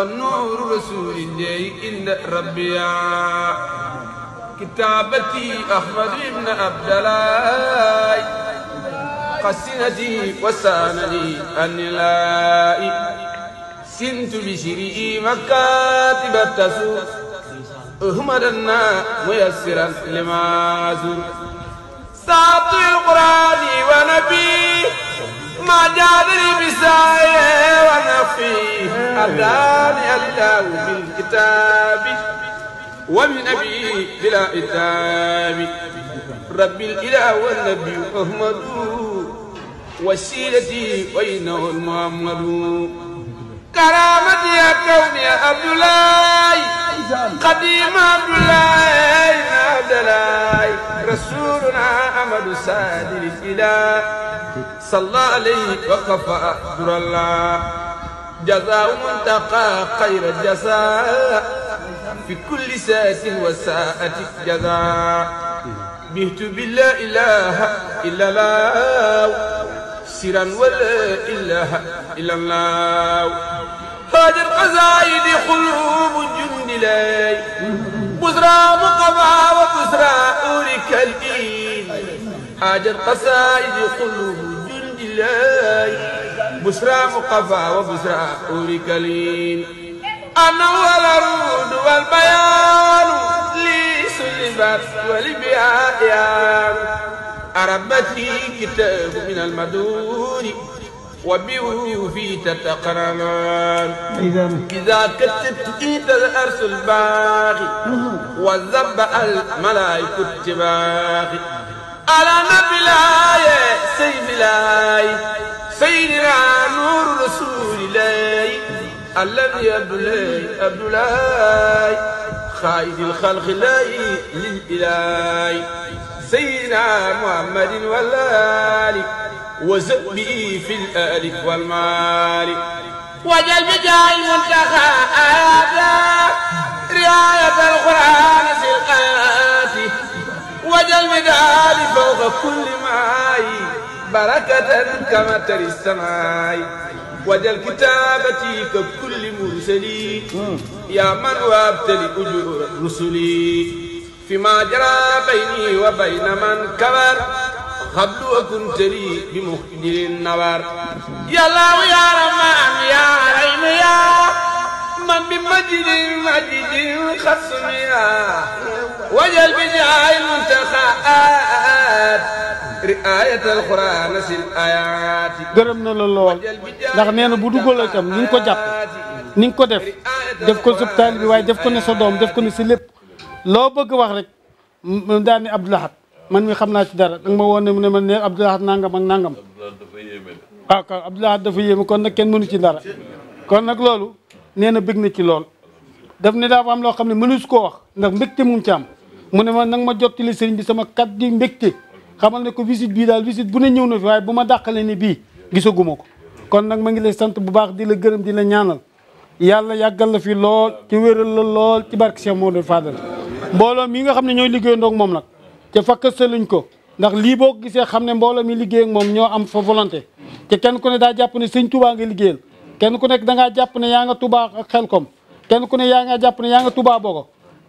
ونور رسول الله إن ربيا كتابتي أحمد بن عبد الله قسنتي وسانني أن لائي سنت بشري مكاتب التسوق أهمدنا ميسرا لما زر ساطي القرآن ونبي ما جادني بسايا ونفي أداني الله بالكتاب ومن أبي بلا إتاب رب الإله والنبي أحمد وسيلتي وإنه المحمد كرامتي يا كوني يا عبد الله xadim abdoulaye abdalaay rasuluna amadou sadiri ila salla alayhi wa kafa duralla jazaa muntaqa xayra jazaa fi kulli saatin wa saati jazaa bihtu bi la ilaha illallah siran wa la ilaha illallah هذه القصائد قلوب الجند لي بسرى مقبى وبسرى أورك الإيد هذه القصائد قلوب الجند لي بسرى مقبى وبسرى أورك الإيد أنا والعرود والبيان لي سلبت ولبيان أربتي كتاب من المدور وبه في تتقرنان إذا كتبت إيد الأرس الباغي وذب الملائكة التباغي على نبي الآية سيد الآية سيدنا نور رسول الله الذي أبلاي أبلاي خائد الخلق لاي للإله سيدنا محمد والآل وزد به في الآل والمال وجل بجاه المنتهى آياتا رعاية القرآن سلقات وجل بدال فوق كل ماي بركة كما تري السماء وجل كتابتي ككل مرسلي يا من وابتلي أجور رسلي فيما جرى بيني وبين من كبر xablu akuntari bi mu dilin nawaar yàllaaw yaa ramaan yaa raym yaa man bi majidin majidin xasum wajal bi jaay muntaxaat riaayatal quraan sil ayaat gërëm na la lool ndax nee na bu duggal itam ko jàpp ni ko def def ko sa bi waaye def ko ne sa doom def ko ne sa lépp loo bëgg wax rek daal ni Abdou man mi xam naa ci dara danga ma woon ne mu ne ma ne Abdou Lahad nangam ak nangam waaw kaw Abdou Lahad dafa yéeme kon nag kenn mënu ci dara kon nag loolu nee na bëgg na ci lool daf ne daa am loo xam ne mënus koo wax ndax mbégte mu ci am mu ne ma nag ma jottali sëriñ bi sama kat di mbégte xamal ne ko visite bii daal visite bu ne ñëw na fi waaye bu ma dàqale ne bii gisaguma ko kon nag ma ngi lay sant bu baax di la gërëm di la ñaanal yàlla yàggal la fi lool ci wéral la lool ci barke Cheikh Modou Fadal mbooloo mii nga xam ne ñooy liggéeyandoo ak moom nag te fakkastaluñ ko ndax lii boo gisee xam ne mbooloo mi liggéey ak moom ñoo am fa volonté te kenn ku ne daa jàpp ne sëñ Touba nga liggéeyal kenn ku nekk da jàpp ne yaa nga Touba ak Xelkom kenn ku ne yaa nga jàpp ne yaa nga Touba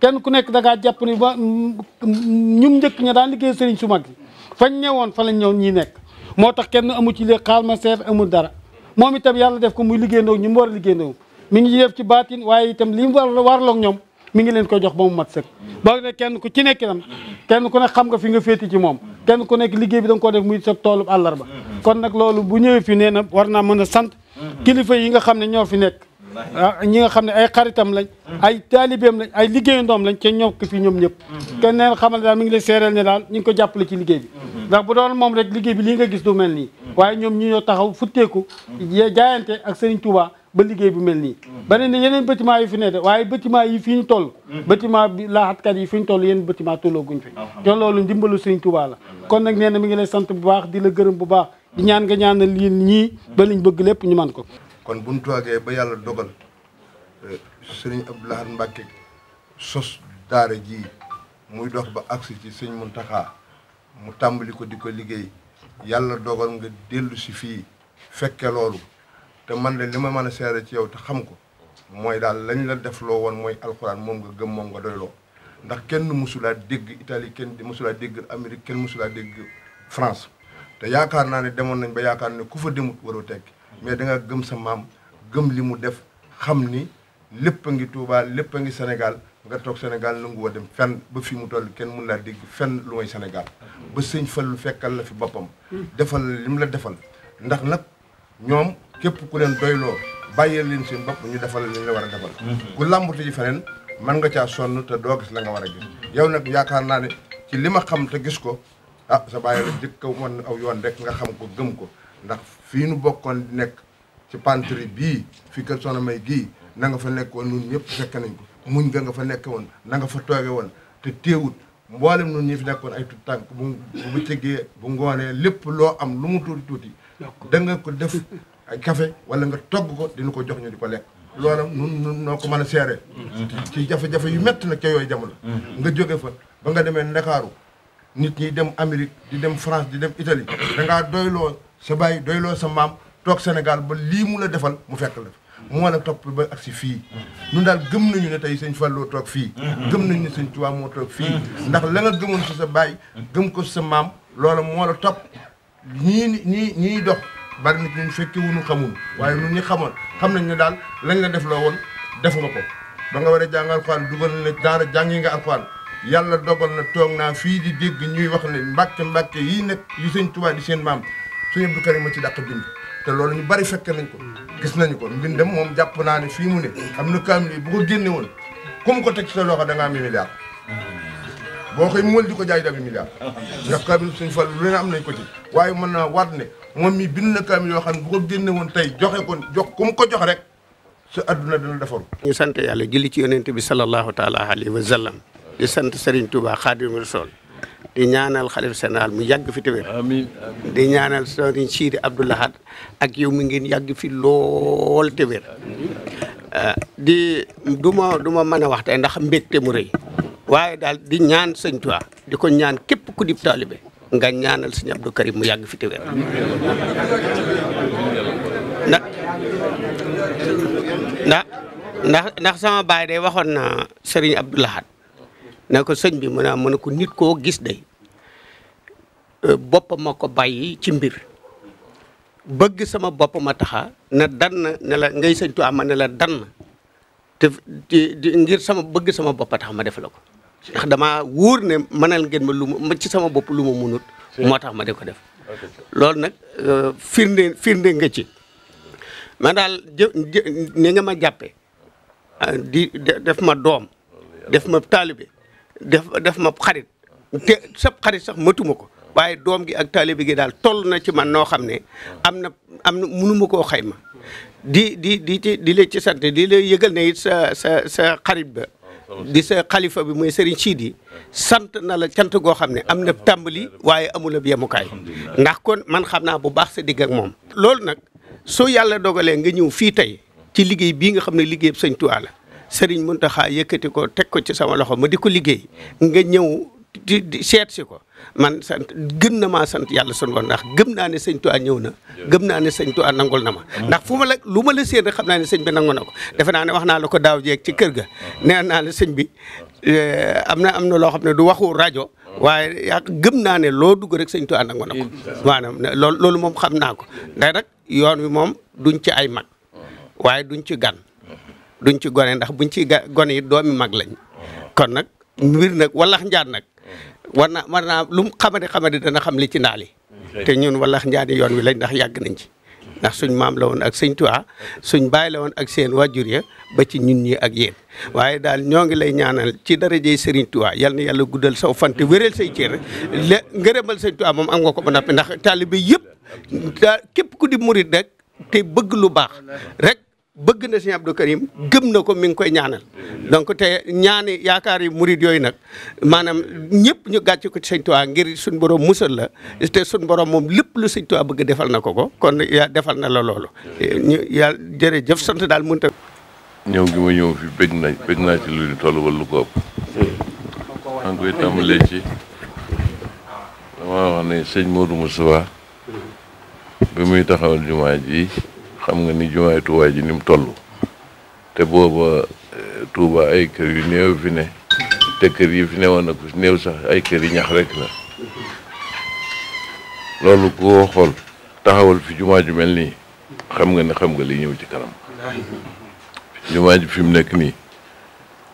kenn ku nekk da jàpp ne ba ñum njëkk ña daan liggéey sëriñ su mag fañ ñëwoon fa lañ ñëw ñii nekk moo tax kenn amu ci léegi xaal ma seet amul dara moom itam yàlla def ko muy liggéeyandoo ñu mu war a liggéeyandoo mi ngi def ci baatin waaye itam li mu war warloog ñoom mi ngi leen ko jox ba mu mat sëkk boo ne kenn ku ci nekk nag kenn ku nekk xam nga fi nga féeti ci moom kenn ku nekk liggéey bi da nga def muy sa toolub àllarba kon nag loolu bu ñëwee fi nee na war naa mën a sant kilifa yi nga xam ne ñoo fi nekk ah, ñi nga xam ne ay xaritam lañ ay taalibeem lañ ay liggéeyandoom lañ ca ñoom ko fi ñoom ñëpp kenn xamal daal mi ngi lay seereel ne daal ñu ngi ko jàppale ci liggéey bi ndax bu doon moom rek liggéey bi lii nga gis du mel nii waaye ñoom ñi ñoo taxaw futteeku jaayante ak Serigne Touba ba liggéey bu mel nii na yeneen bâtiment yi fi ne de waaye bâtiment yi fi ñu toll mm-hmm. bâtiment bi laaxatkat yi fi ñu toll yenn bâtiment guñ fi te loolu ndimbalu Sëriñ Tuubaa la kon nag nee na mi ngi lay sant bu baax di la gërëm bu baax di ñaan nga ñaan na yéen ñii ba liñ bëgg lépp ñu man ko kon buñ toogee ba yàlla dogal euh, Sëriñ Abdou Lahad Mbacké sos daara ji muy dox ba agsi ci mu Muntaxa mu tàmbali ko di ko liggéey yàlla dogal nga dellu si fii fekke loolu te man de li ma mën a seere ci yow te xam ko mooy daal lañ la def loo woon mooy alxuraan moom nga gëm moom nga doyloo ndax kenn mosulaa dégg Italie kenn mosulaa dégg Amérique kenn mosulaa dégg France te yaakaar naa ne demoon nañ ba yaakaar ne ku fa demut waroo tekki mais da nga gëm sa maam gëm li mu def xam ni lépp a ngi Touba lépp a ngi Sénégal nga toog Sénégal nangu woo dem fenn ba fi mu toll kenn mun laa dégg fenn lu may Sénégal ba sëñ lu fekkal la fi boppam mm. defal li mu la defal ndax nag ñoom képp ku leen doyloo bàyyil leen seen bopp ñu defal li ñu la war a defal mhm. ku làmbatu ji feneen man nga caa sonn te doo gis la nga war a gis yow nag yaakaar naa ne ci li ma xam te gis ko ah sa bàyyi la jëkk woon aw yoon rek nga xam ko gëm ko ndax fii nu bokkoon di nekk ci panterie bii fi kër Soxna May gii na nga fa nekkoon woon ñun ñëpp fekk nañ ko muñ nga nga fa nekke woon na nga fa tooge woon te teewut mboolem ñun ñi fi nekkoon ay tuut tànk bu bu bëccëgee bu ngoonee lépp loo am lu mu tuuti tuuti da nga ko def ay café wala nga togg ko dina ko jox ñu di ko lekk loola noo ko mën a seere ci jafe-jafe yu métti na ca yooyu jamono nga jóge fa ba nga demee Ndakaaru nit ñi dem Amérique di dem France di dem Italie da ngaa doyloo sa bàyyi doyloo sa maam toog Sénégal ba lii mu la defal mu fekk la moo la topp ba ak si fii ñun daal gëm nañu ne tey sëñ Fallou toog fii gëm nañu ne sëñ Tuubaa fii ndax la nga gëmoon si sa bàyyi gëm ko sa maam loola moo la topp ñii ñii ñii bari nit ñun fekki wuñu xamul waaye ñun ñu xamoon xam nañ ne daal lañ la def loo woon defu nga ko ba nga war a jàng alxuraan dugal na daara jàngi nga alxuraan yàlla dogal na toog naa fii di dégg ñuy wax ne mbàkke mbàkke yi nekk yu sëñ Tuubaa di seen maam suñu Abdou Karim ma ci dàq bind te loolu ñu bari fekk nañ ko gis nañu ko mbindam moom jàpp naa ne fii mu ne am na kaamil bu ko génne woon ku mu ko teg sa loxo da nga am milliard boo koy mool di ko jaay dabi milliard ndax kaamil suñu am nañ ko ci waaye mën naa waat ne moom mi bind na kaamil yoo xam ne bu ko génne woon tey joxe ko jox ko jox rek sa adduna dina defaru ñu sant yàlla julli ci yonent bi sallallahu taala alayhi wa sallam di sant Serigne Touba Xaadimu Rasuul di ñaanal xalif général mu yàgg fi tawér amiin di ñaanal Serigne Sidi Abdou Lahad ak yow mi ngeen yàgg fi lool tawér ah, di du ma du ma mën wax tey ndax mbégte mu rëy waaye daal di ñaan sëñ Touba di ko ñaan képp ku dib taalibe nga ñaanal sëñ Abdou Karim mu yàgg fi te wér ndax ndax ndax sama baay day waxoon na Serigne Abdou Lahad ne ko sëñ bi mu ne mën ko nit koo gis day euh, boppam ma ko bàyyi ci mbir bëgg sama bopp ma taxa na dann ne la ngay sëñ Tuubaa ma ne la dann te ngir sama bëgg sama boppa tax ma def la ko dama wóor ne mënal ngeen ma lu ma ci sama bopp lu ma munut moo tax ma di ko def loolu nag euh, firnde firnde nga ci ma daal ni nga ma jàppe euh, di def ma doom def ma taalibe def def ma xarit te sab xarit sax matuma ko waaye doom gi ak taalibe gi daal toll na ci man noo xam ne am na am na munuma koo xayma di di di ci di la ci sant di la yëgal ne it sa sa sa xarit ba di sa xalifa bi muy Serigne Sidi sant na la cant goo xam ne am na tàmbali waaye amul ab yemukaay ndax kon man xam naa bu baax sa digg ak moom. loolu nag soo yàlla dogalee nga ñëw fii tey ci liggéey bii nga xam ne liggéeyub Sëñ Tuubaa la Serigne Mountakha yëkkati ko teg ko ci sama loxo ma di ko liggéey nga ñëw. di seet si ko man sant gën na maa sant yàlla sun woon ndax gëm naa ne sëñ Tuubaa ñëw na gëm naa ne sëñ Tuubaa nangul na ma ndax fu ma la lu ma la séen rek xam naa ne sëñ bi nangu na ko defe naa ne wax naa la ko daaw jeeg ci kër ga nee naa la sëñ bi eh, am na am na loo xam ne du waxu rajo waaye yaa gëm naa ne loo dugg rek sëñ Tuubaa nangu na ko maanaam loolu loolu moom xam naa ko day rek yoon wi moom duñ ci ay mag waaye duñ ci gan duñ ci gone ndax buñ ci gone yi doomi mag lañ kon nag mbir nag walax njaat nag war naa war naa lu mu xamadi xamadi dana xam li ci ndaal yi te ñun wallax njaani yoon wi lañ ndax yàgg nañ ci ndax suñ maam la woon ak sëñ Tuubaa suñ bàyyi la woon ak seen wàjjur ya ba ci ñun ñi ak yéen waaye daal ñoo ngi lay ñaanal ci darajey sëriñ Tuubaa yal na yàlla guddal saw fante wéral say cër le ngërëmal sëñ Tuubaa moom am nga ko ba noppi ndax taalibe yëpp képp ku di murit rek te bëgg lu baax rek bëgg na Serigne Abdou Karim gëm na ko mi ngi koy ñaanal donc te ñaani yaakaar yi murit yooyu nag maanaam ñëpp ñu gàcc ko ci Serigne ngir suñ borom musal la te suñ borom moom lépp lu Serigne Touba bëgg defal na ko ko kon yaa defal na la loolu ñu yàlla jërëjëf sant daal mënta ñëw gi ma ñëw fi bëgg na bëgg naa ci lu toll wala lu ko ëpp koy tàmbalee ci dama wax ne sëñ bi muy taxawal jumaa ji xam nga ni jumaay Touba ji ni mu toll te booba eh, Touba ay kër yu néew fi ne te kër yi fi newoon na ko néew sax ay kër yi ñax rek la loolu koo xool taxawal fi jumaa ju mel nii xam nga ne xam nga li ñëw ci kanam jumaa ji fi mu nekk nii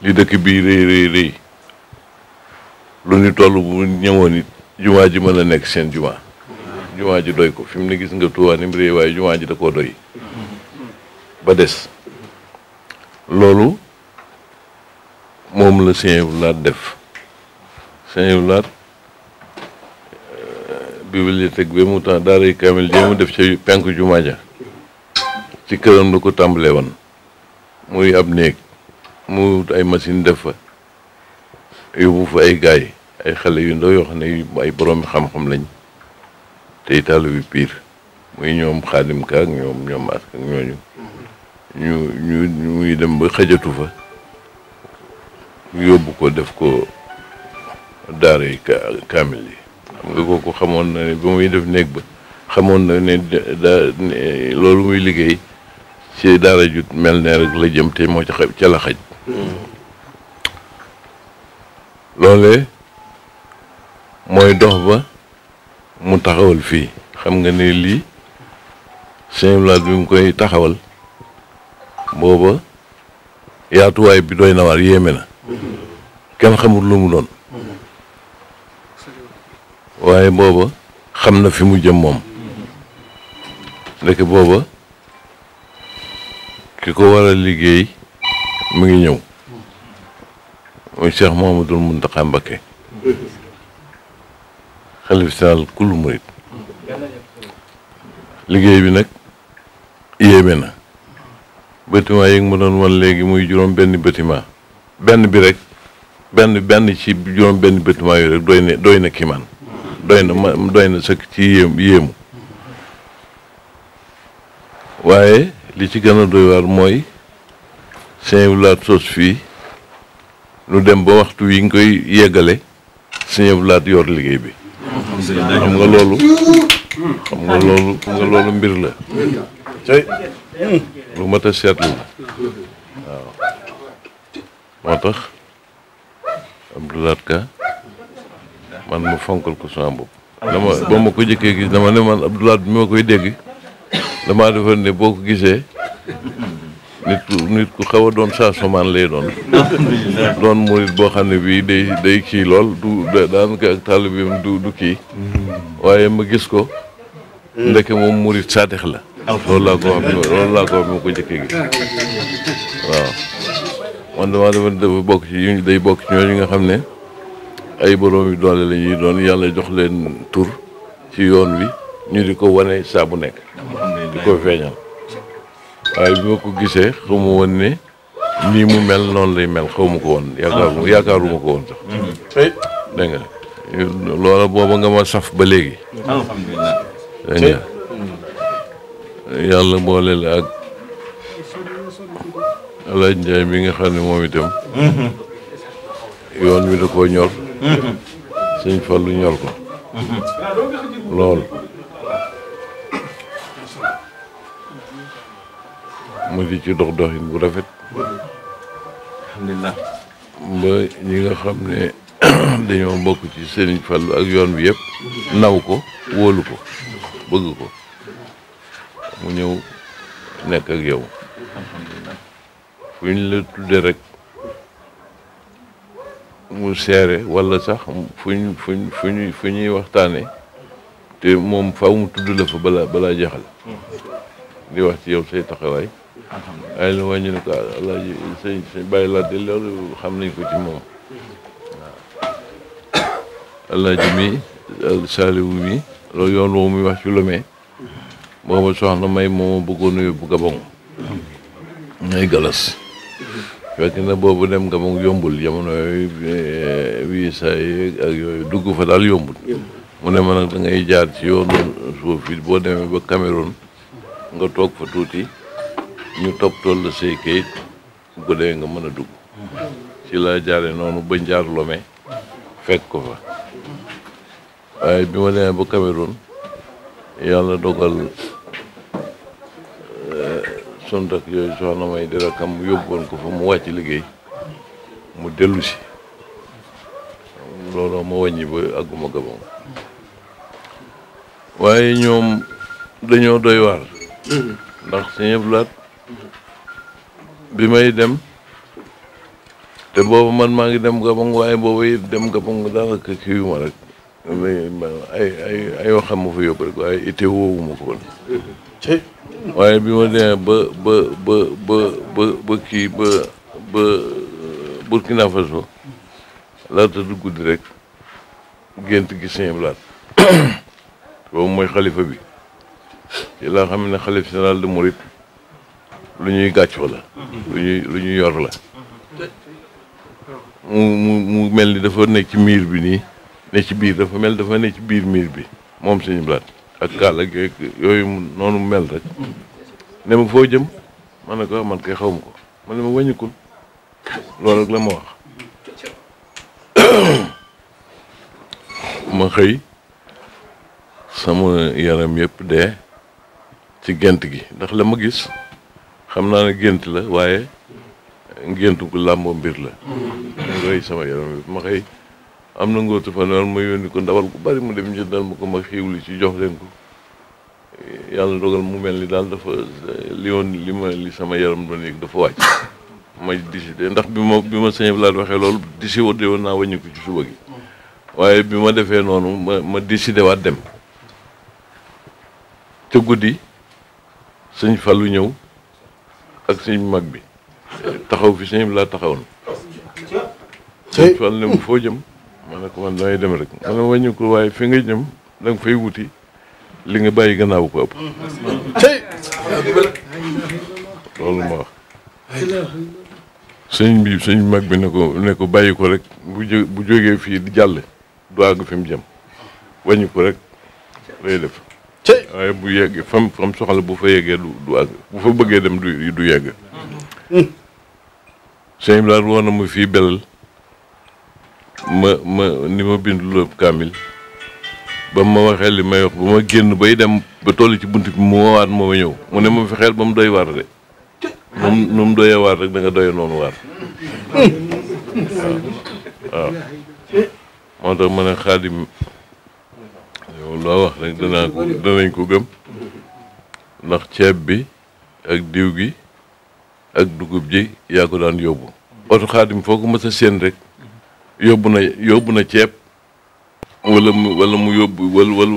li dëkk bii rëy rëy lu ñu toll bu ñëwoon it jumaa ji mën a nekk seen jumaa jumaa ji doy ko fi ne gis nga Tuubaa ni mu rëy waaye jumaa ji da koo doy ba des loolu moom la Sëñ Abdu Lahat def Sëñ Abdu Lahat euh, bibliothèque bi mu tax daaray kaamil ji mu def ci penk jumaa ja ci këram la ko tàmbalee woon muy ab néeg mu ay machine def fa yóbbu fa ay gaay ay xale yu ndaw yoo xam ne ay boroomi xam-xam lañ tey taalu bi piir muy ñoom xaadim ka ak ñoom ñoom ak ñooñu ñu ñu muy dem ba xajatu fa yóbbu ko def ko daara yi kaamil yi xam nga kooku xamoon na ne ba muy def néeg ba xamoon na ne loolu muy liggéey ci daara ju mel ne rek la jëm te moo ca ca la xaj mm-hmm. loolee mooy dox ba mu taxawal fii xam nga ni lii sëñ Blaat bi mu koy taxawal booba yaatuwaay bi doy na yéeme na kenn xamul lu mu doon waaye booba xam na fi mu jëm moom ndeke booba ki ko war a liggéey mu ngi ñëw muy Cheikh Mouhamadoul Mountakha Mbacké xalif saal liggéey bi nag yéeme na bâtiment yi nga ma doon wan léegi muy juróom benn bâtiment benn bi rek benn benn ci juróom benn bâtiment yi doy na doy na kimaan doy na ma doy na sëkk ci yéem yéemu waaye li ci gën a doy waar mooy sëñ Abdoulaye sos fii lu dem ba waxtu wi nga koy yeggale sëñ Abdoulaye yor liggéey bi xam nga loolu. xam nga loolu xam nga loolu mbir la. cay lu mat a seetlu waaw moo tax Abdoulaye Ka man ma fonkal ko sama bopp. ma ko jëkkee gis dama ne man Abdoulaye bi ma koy dégg damaa defoon boo ko gisee. nit nit ku xaw a doon changement lay doon doon murit boo xam ne bii day day kii lool du daanaka ak taalibeem du du kii mm-hmm. waaye ma gis ko mm. ndeke moom murit saadix la loolu laa ko wax loolu laa ko wax bi ma ko jëkkee gis waaw man dama dama dafa bokk ci yu day bokk ci ñooñu nga xam ne ay borom yi doole la ñuy doon yàlla jox leen tur ci yoon wi ñu di ko wane saa bu nekk di ko feeñal waaye bi ma ko gisee xaw ma woon ne nii mu mel noonu lay mel xaw ko woon. yaakaar ah. yaakaaruma ko woon sax. dégg nga loola nga ma saf ba léegi. yàlla boole la ak alaaj Njaay mi nga xam ne moom itam. yoon wi da koo ñor. Mm-hmm. sëñ Fallu ñor ko. Mm-hmm. lool. mu di ci dox doxin bu rafet alhamdulilah ba ñi nga xam ne dañoo bokk ci Serigne Fallou ak yoon bi yëpp naw ko wóolu ko bëgg ko mu ñëw nekk ak yow fu ñu la tudde rek mu seere walla sax fu ñu fu ñuy fu waxtaane te moom faw mu tudd la fa balaa balaa jeexal mm. wax ci yow say taxawaay waaye lu ma ne ko alaaji sëñ sëñ bàyyi laat de loolu mi saaliwu mi loolu yoon muy wax ci Lomé soxna may mooma bëggoon yóbbu Gabon ngay galas fekk na boobu dem Gabon yombul jamono yooyu eh, visa yi ak yooyu dugg fa daal yombul mu ne ma nag da jaar ci yoonu suuf bi boo demee ba Cameroun nga toog fa tuuti ñu topp tool la say kayit bu nga mën a dugg ci laa jaare noonu ba njaar lome fekk ko fa waaye bi ma demee ba Cameroun yàlla dogal eh, sontak yooyu soxna may di rakkam mu yóbboon ko fa mu wàcc liggéey mu dellu looloo ma wàññi ba àgguma gabam waaye ñoom dañoo doy waar mm-hmm. ndax sëñ Abdu Lahat bi may dem te boobu man maa ngi dem Gabon waaye boobu it dem Gabon daanaka kii wu ma rek ay ay ay waxam ma fa yóbbu rek waaye ite woowu ko woon waaye bi ma demee ba ba ba ba ba ba Burkina Faso laata du guddi rek gént gi Sëñ Abdu Lahat mooy xalifa bi ci laa xam ne xalif général de Mouride lu ñuy gàccoo la lu ñuy lu ñuy yor la mu mu mel ni dafa nekk ci miir bi nii ne ci biir dafa mel dafa nekk ci biir miir bi moom suñu blaat ak kàll ak yooyu noonu mel rek ne foo jëm man ne ko ah, man kay xaw ma ko man ne ma wàññikul loolu rek la ma wax ma xëy sama yaram yépp de ci gent gi ndax la ma gis xam naa ne gént la waaye gént gu làmboo mbir la mm-hmm. mu rëy sama yaram bi ma xëy am na ngóotu fa noonu ma yónni ko ndawal bu bari mu dem jëndal ma ko ma xiiwli ci jox leen ko yàlla dogal mu mel ni daal dafa li woon li ma li sama yaram doon yëg dafa wàcc ma décidé ndax bi ma bi ma sëñ laa waxee loolu décidé woon naa wàññi ko ci suba gi waaye bi ma defee noonu ma ma décidé waat dem te guddi sëñ lu ñëw ak sëñ mag bi taxaw fi sëñ bi laa taxaw sëñ Fall foo jëm ma ne ko man damay dem rek ma ne wàññi ko waaye fi nga jëm da nga fay wuti li nga bàyyi gannaaw ko ëpp loolu bi sëñ mag bi ne ko ne ko bàyyi ko rek bu jógee fii di jàll du àgg fi mu jëm wàññi ko rek lay def waaye bu yeggee fam fam soxla bu fa yeggee du du bu fa bëggee dem du du yegg hmm. sëñ bi daal woon na mu fii belal ma ma ni ma bind loob kaamil ba ma waxee li may wax ba ma génn bay dem ba toll ci bunt bi mu wawaat ma ñëw mu ne ma fexeel ba mu doy waar de moom nu mu doyee waar rek doyee noonu waar hmm. waaw moo tax ma ne xaadim loo wax rek danaa ko danañ ko gëm ndax ceeb bi ak diw gi ak dugub ji yaa ko daan yóbbu oto xaadim foo ko mës a seen rek yóbbu na yóbbu na ceeb wala mu wala mu yóbbu wal wala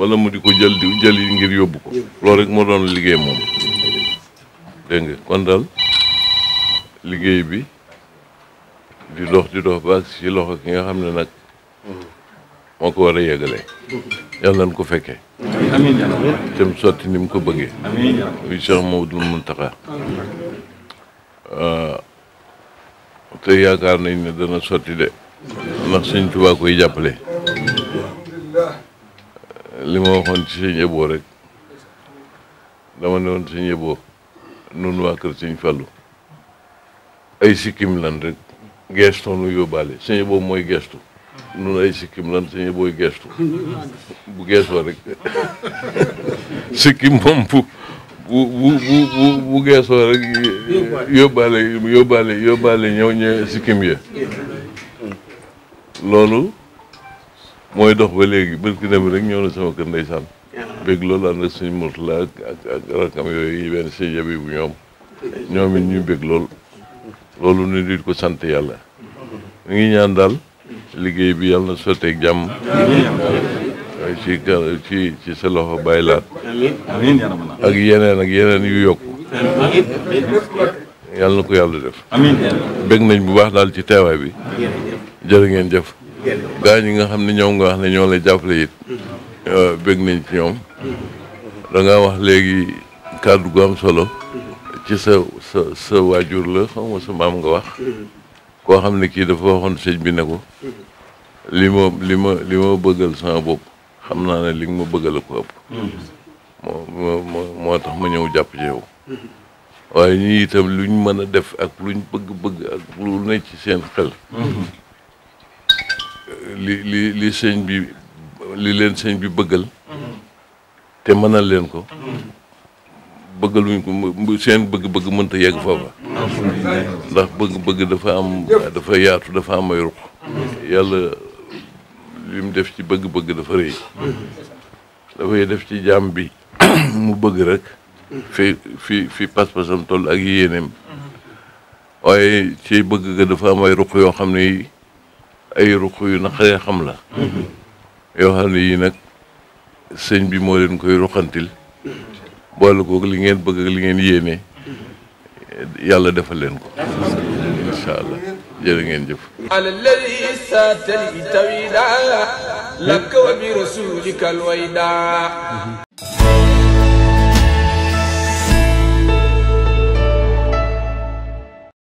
wala mu di ko jël di jël yi ngir yóbbu ko loolu rek moo doon liggéey moom dégg kon daal liggéey bi di dox di dox ba si loxo ki nga xam ne nag moo ko war a yegale yàlla nañ ko fekkee te mu sotti ni mu ko bëggee moo Cheikh Mamadou Mountakha euh, te yaakaar nañ ne dana sotti de ndax sëñ Tuubaa koy jàppale li ma waxoon ci sëñ Ebo rek dama ne woon sëñ Ebo nun waa kër sëñ Fallou ay sikkim lan rek geestoonu yóbbaale sëñ Ebo mooy geestu nun ay sikkim lan suñu booy geestu bu geestoo rek sikkim moom bu bu bu bu geesoo rek yóbbaale yóbbaale yóbbaale ñëw ñëw sikkim ya loolu mooy dox ba léegi barki dem rek ñëw na sama kër ndeysaan bég loolu ànd ak suñu murtala ak ak rakam yooyu benn si jabi bu ñoom ñoom it ñu bég lool loolu nu di ko sant yàlla mi ngi ñaan daal liggéey bi yàlla na sotteeg jàmm ci ci ci sa loxo bàyyi laat ak yeneen ak yeneen yu yokk yàlla na ko yàlla def bég nañ bu baax daal ci teewaay bi jërë ngeen jëf gaa ñi nga xam ne ñoom nga wax ne ñoo lay jàppale it mm-hmm. euh, bég nañ ci ñoom mm-hmm. da wax léegi kàddu gu am solo ci sa sa sa waajur la xaw ma sa maam nga wax mm-hmm. koo xam ne kii dafa waxoon sëñ bi ne ko li ma li ma li bëggal sama bopp xam naa ne li nga ma bëggal a ko ëpp moo tax ma ñëw jàpp ci yow waaye ñii itam luñ mën a def ak luñ bëgg-bëgg ak lu ne ci seen xel li li li bi li leen sëñ bi bëggal te mënal leen ko bëggaluñ ko seen bëgg-bëgg mënta yegg foofa ndax bëgg-bëgg dafa am dafa yaatu dafa am ay ruq yàlla li mu def ci bëgg-bëgg dafa rëy dafay def ci jaam bi mu bëgg rek fi fi fi pas-pasam toll ak yéeneem waaye ci bëgg dafa am ay ruq yoo xam ne yi ay ruq yu naqaree xam la yoo xam ne yii nag sëñ bi moo leen koy ruqantil boole kook li ngeen bëgg li ngeen yéene yàlla defal leen ko incha allah jërë ngeen jëf alalladi satali tawida lakk wa bi rasulika alwayda